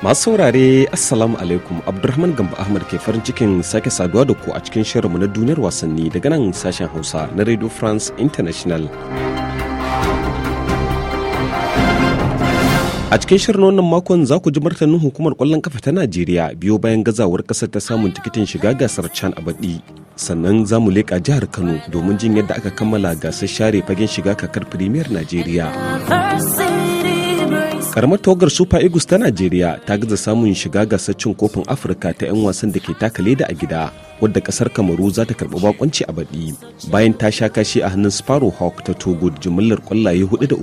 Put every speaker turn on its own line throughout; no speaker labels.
Masu saurare Assalamu alaikum Abdulrahman Gamba Ahmad ke farin cikin sake saduwa da ku a cikin shirinmu na duniyar wasanni daga nan sashen Hausa na Radio France International. A cikin shirin wannan makon za ku ji martanin hukumar kwallon kafa ta Najeriya biyo bayan gazawar kasar ta samun tikitin shiga gasar can a baɗi. Sannan za mu leƙa jihar Kano domin jin yadda aka kammala gasar share fagen shiga kakar Firimiyar Najeriya. karamar tawagar super eagles ta najeriya ta gaza samun shiga gasar cin kofin afirka ta 'yan wasan da ke taka leda a gida wadda kasar kamaru za ta karɓi bakonci a baɗi bayan ta sha kashi a hannun sparrow hawk ta togo da jimillar kwallaye 4 da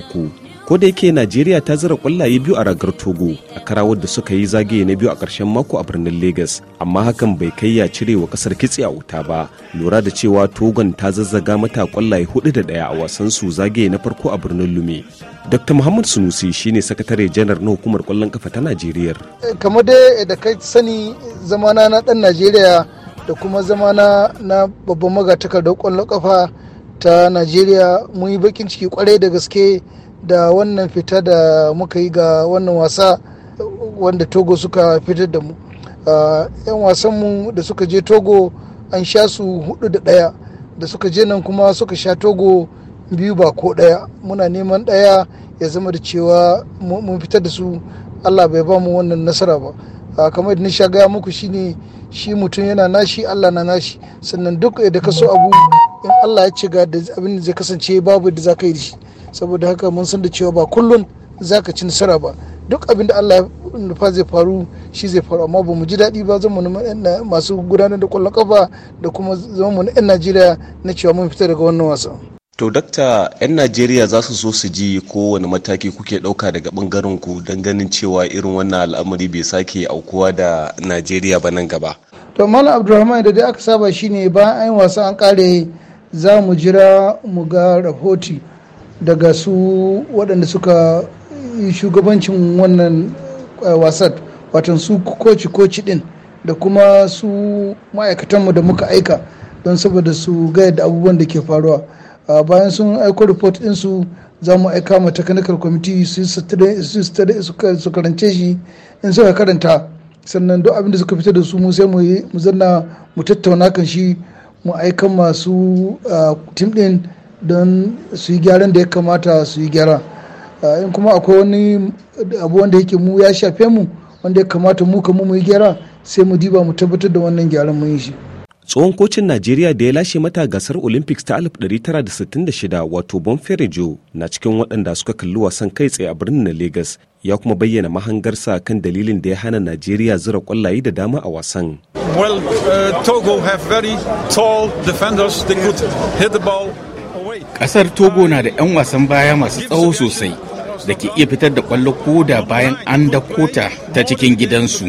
ko da yake najeriya ta zira kwallaye biyu a ragar togo a karawar da suka yi zagaye na biyu a karshen mako a birnin lagos amma hakan bai kai ya cire wa kasar kitse a wuta ba lura da cewa togon ta zazzaga mata kwallaye hudu da daya a wasan su zagaye na farko a birnin lume dr muhammad sunusi shine sakatare janar na hukumar kwallon kafa ta najeriya
eh, kamar dai da kai sani zamana na dan najeriya da kuma zamana na babban magatakardar kwallon kafa ta najeriya mun yi bakin ciki kwarai da gaske da wannan fita da muka yi ga wannan wasa wanda togo suka fitar da mu yan wasanmu da suka je togo an sha su hudu da daya da suka je nan kuma suka sha togo biyu ba ko daya muna neman daya ya zama da cewa mun fitar da su allah bai ba mu wannan nasara ba kamar da sha gaya muku shine shi mutum yana nashi allah na nashi sannan duk da ka so abu in allah ya ce ga abin da zai kasance babu da za ka yi da shi saboda haka mun san da cewa ba kullum za ka ci nasara ba duk abin da Allah nufa zai faru shi zai faru amma ba mu ji daɗi ba zama masu gudanar da kwallon kafa da kuma zama mu na 'yan Najeriya na cewa mun fita daga wannan wasan.
To dakta 'yan Najeriya za su so su ji kowane mataki kuke ɗauka daga ɓangaren ku don ganin cewa irin wannan al'amari bai sake aukuwa da Najeriya ba nan gaba.
To Malam Abdulrahman da dai aka saba shine bayan an yi wasa an kare za mu jira mu ga rahoti. daga su waɗanda suka yi shugabancin wannan eh, wasan watan su koci-koci ɗin da kuma su ma'aikatanmu da muka aika don saboda su gaya da abubuwan da ke faruwa bayan sun aiko report ɗinsu za mu aika ma technical committee su karance shi in suka karanta sannan duk abin da suka fita da su mu sai mu zanna mu tattauna kan shi mu aika masu ah, tim din. don su yi gyaran da ya kamata su yi gyara ah, in kuma akwai wani abu wanda yake mu ya shafe mu wanda ya kamata mu kamu mu yi gyara sai mu diba mu tabbatar da wannan gyaran mun yi shi
tsohon kocin najeriya da ya lashe mata gasar olympics ta 1966 wato bonferejo na cikin waɗanda suka kalli wasan kai tsaye a birnin na lagos ya kuma bayyana mahangarsa kan dalilin da ya hana najeriya zura kwallaye da dama a wasan
well uh, togo have very tall defenders they could hit the ball
Ƙasar Togo na da 'yan wasan baya masu tsawo sosai da ke iya fitar da ƙwallo da bayan an dakota ta cikin gidansu.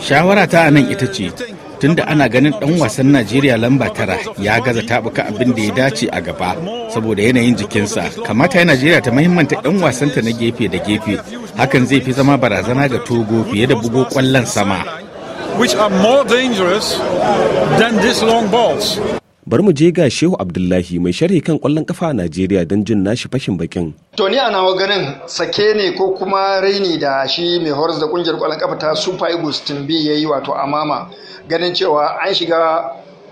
Shawara ta nan ita ce, tunda ana ganin ɗan wasan Najeriya lamba tara ya gaza tabuka abin da ya dace a gaba saboda yanayin jikinsa. Kamata ya Najeriya ta mahimmanta yan wasanta na gefe da gefe. Hakan zai fi zama barazana ga Togo fiye da bugo kwallon
sama. which are more dangerous than
bari mu je ga shehu abdullahi mai sharhi kan kwallon kafa a najeriya don jin nashi fashin bakin
to ni a nawa ganin sake ne ko kuma raini da shi mai horas da kungiyar kwallon kafa ta super eagles tumbi ya yi wato amama ganin cewa an shiga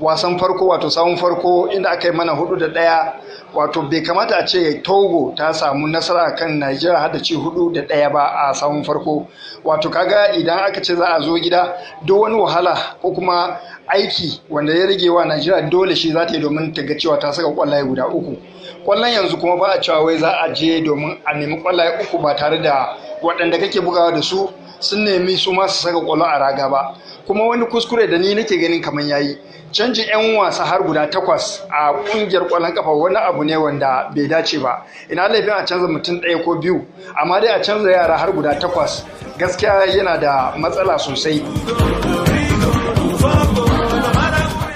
wasan farko wato sawon farko inda aka yi mana hudu da ɗaya wato bai kamata a ce togo ta samu nasara kan Najeriya har da ci hudu da ɗaya ba a samun farko wato kaga idan aka ce za a zo gida duk wani wahala ko kuma aiki wanda ya rage wa Najeriya dole shi za ta yi domin ta ga cewa ta saka kwallaye guda uku kwallon yanzu kuma ba a cewa wai za a je domin a nemi kwallaye uku ba tare da waɗanda kake bugawa da su sun nemi su ma su saka kwallo a raga ba kuma wani kuskure da ni nake ganin kamar yayi canjin 'yan wasa har guda takwas a kungiyar kwallon kafa wani abu ne wanda bai dace ba ina laifin a canza mutum ɗaya ko biyu amma dai a canza yara har guda takwas gaskiya yana da matsala sosai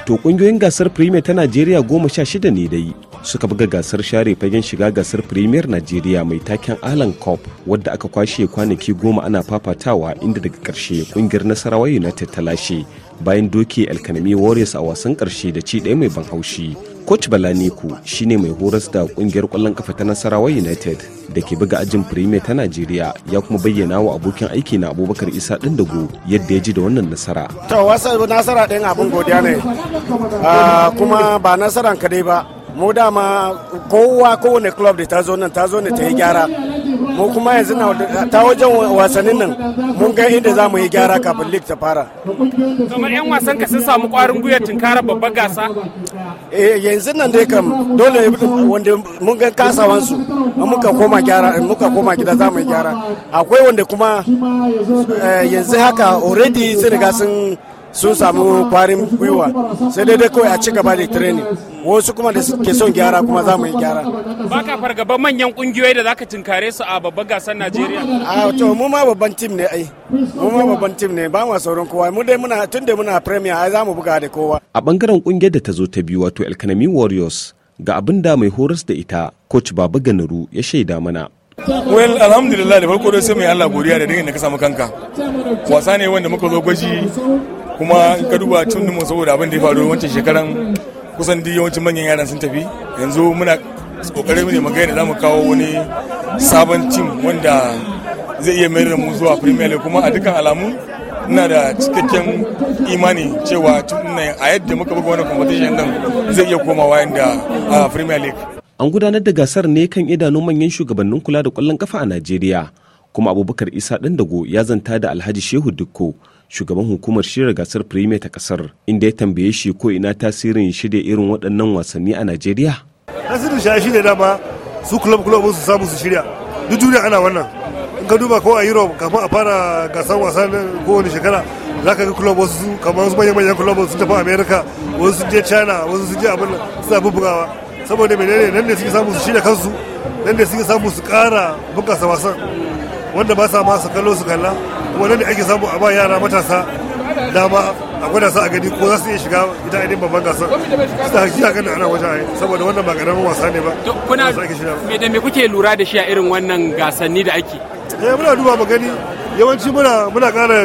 to kungiyoyin gasar premier ta najeriya goma sha shida ne dai suka buga gasar share fagen shiga gasar premier najeriya mai taken alan cup wadda aka kwashe kwanaki goma ana fafatawa inda daga karshe kungiyar nasarawa united ta lashe bayan doke alkanami warriors a wasan karshe da ci ɗaya mai ban haushi coach balaniku shine mai horas da kungiyar kwallon kafa ta nasarawa united da ke buga ajin premier ta nigeria ya kuma bayyana wa abokin aiki na abubakar isa ɗin dago yadda ya ji da wannan nasara
to nasara ɗin abin godiya ne
ah, kuma
ba nasaran kadai ba mu dama kowa kowane club da ta zo nan ta zo ne ta yi gyara mu kuma yanzu na ta wajen wasannin nan mun ga inda za mu yi gyara
kafin league ta fara
kamar yan wasan ka sun samu kwarin gwiwa tunkara babbar gasa eh yanzu nan dai kam dole wanda mun ga kasawan su muka koma gyara muka koma gida za mu yi gyara akwai wanda kuma
eh, yanzu haka already sun riga sun
sun samu kwarin gwiwa sai dai dai kawai a ci gaba da training wasu kuma da ke son gyara kuma za mu yi gyara baka fargaba manyan kungiyoyi da zaka tinkare su a babban gasar Najeriya a to mu ma babban team ne ai mu ma babban team ne ba mu sauran kowa mu dai muna da muna premier ai za mu buga da kowa
a bangaren kungiyar da ta zo ta biyu wato Elkanami Warriors ga abin da mai horas da ita coach Baba Ganaru ya shaida mana
well
alhamdulillah da farko dai sai mai Allah godiya da dangin da ka samu kanka wasa ne wanda muka zo gwaji kuma in ka duba tun mu saboda abin da ya faru wancan shekaran kusan duk yawancin manyan yaran sun tafi yanzu muna kokarin ne mu da zamu kawo wani sabon team wanda zai iya mayar da mu zuwa premier league kuma a dukkan alamu ina da cikakken imani cewa tun a yadda muka buga wani competition din zai iya komawa inda a premier league
an gudanar da gasar ne kan idanun manyan shugabannin kula da kwallon kafa a najeriya kuma abubakar isa dandago ya zanta da alhaji shehu dukko shugaban hukumar shirya gasar firime ta kasar inda ya tambaye shi ko ina tasirin shirya irin waɗannan wasanni a najeriya
tasirin shi shirya dama su club club su samu su shirya duk duniya ana wannan in ka duba ko a europe kafin a fara gasar wasa kowane shekara za ka ga club wasu kamar su manyan manyan club sun tafi america wasu sun je china wasu sun je abin suna bugawa saboda menene nan ne suke samu su shirya kansu nan ne suke samu su kara bunkasa wasan wanda ba sa masu kallo su kalla wanda nan da ake samu a ba yara matasa dama a gwada su a gani ko za su iya shiga ita ainihin babban gasar su ta hakiya kan ana wajen ayi saboda wannan ba karamin wasa ne ba
kuna me da me kuke lura da shi a irin wannan gasanni da ake
eh muna duba mu gani yawanci muna muna ƙara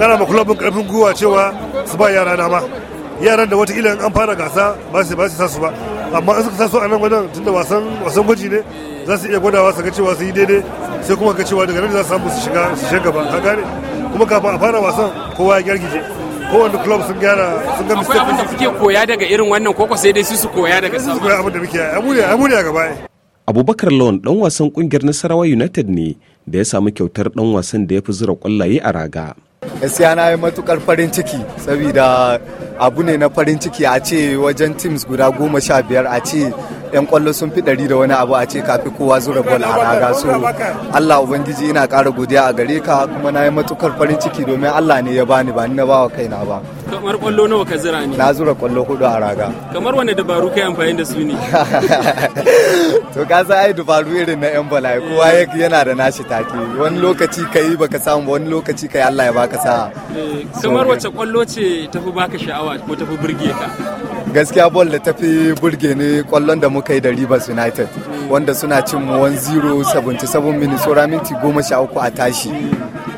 ƙara ma kulabun ƙarfin gwiwa cewa su ba yara dama yaran da watakila an fara gasa ba su ba su sasu ba amma in suka sasu a nan wajen tunda wasan wasan gwaji ne za su iya gwadawa su ga cewa su yi daidai sai kuma ka cewa daga nan za su samu su shiga su shiga gaba ka gane kuma kafin a fara wasan kowa ya gyargije kowane club sun gyara sun ga mistake akwai abin da suke koya daga irin wannan koko sai dai su su koya daga sama su koya abin da muke amuriya amuriya gaba
Abubakar Lawan dan wasan kungiyar Nasarawa United ne da ya samu kyautar dan wasan da ya fi zura kwallaye a raga.
gaskiya
na yi matukar farin ciki saboda abu ne na farin ciki a ce wajen teams guda goma sha biyar a ce yan kwallo sun fi ɗari da wani abu a ce kafi kowa zura bol a raga so Allah ubangiji ina ƙara godiya a gare ka kuma na yi matukar farin ciki domin Allah ne ya bani ba ni na bawa kaina ba
kamar kwallo nawa ka zira ne na
zura kwallo hudu a raga
kamar wani dabaru kai amfani da su ne to ka san ai dabaru irin na yan bala'i kowa
yana da nashi take wani lokaci kai baka samu ba wani lokaci kai Allah ya baka sa'a
eh, kamar wacce kwallo ce tafi baka sha'awa ko tafi burge ka
gaskiya ball da tafi burge ni kwallon da muka yi da Rivers United wanda suna cin mu 1-0 77 minutes tsora minti goma a tashi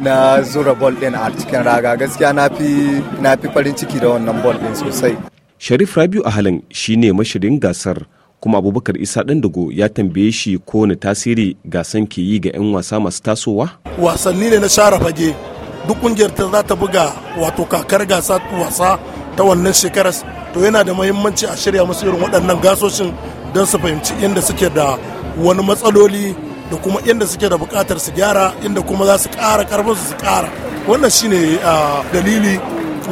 na zura ball din a cikin raga gaskiya na fi farin ciki da wannan ball din sosai
Sharif Rabiu a shi shine mashirin gasar kuma abubakar isa dago ya tambaye shi kowane tasiri gasan ke yi ga 'yan wasa masu tasowa
wasanni ne na share fage duk kungiyar ta za ta buga wato kakar gasa wasa ta wannan shekarar to yana da mahimmanci a shirya musu irin waɗannan gasoshin don su fahimci inda suke da wani matsaloli da kuma inda suke da buƙatar su gyara inda kuma za su ƙara ƙarfin su ƙara wannan shine dalili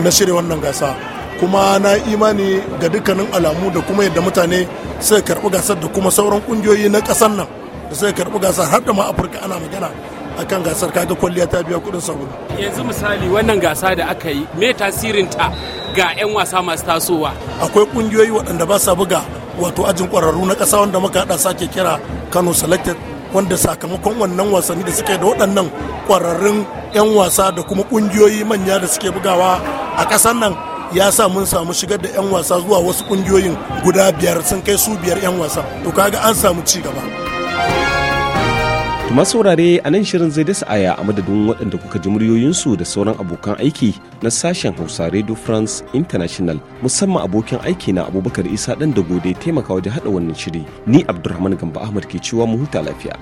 na shirya wannan gasa kuma na imani ga dukkanin alamu da kuma yadda mutane suka karɓi gasar da kuma sauran ƙungiyoyi na ƙasar nan da suka karɓi gasar har da ma afirka ana magana akan gasar kaga kwalliya ta biya kuɗin sabulu
yanzu misali wannan gasa da aka yi me tasirin ta ga 'yan wasa masu tasowa akwai kungiyoyi waɗanda ba
sa buga wato ajin ƙwararru na ƙasa wanda muka haɗa sake kira kano selected wanda sakamakon wannan wasanni da suke da waɗannan ƙwararrun 'yan wasa da kuma ƙungiyoyi manya da suke bugawa a ƙasar nan ya sa mun samu shigar da 'yan wasa zuwa wasu ƙungiyoyin guda biyar sun kai su biyar 'yan wasa to kaga an samu ci gaba.
Tuma saurare a nan shirin zai dasa aya a madadin waɗanda kuka ji muryoyinsu da sauran abokan aiki na sashen Hausa Radio France International musamman abokin aiki na Abubakar Isa ɗan da gode taimaka wajen haɗa wannan shiri. Ni Abdulrahman Gamba Ahmad ke cewa mu huta lafiya.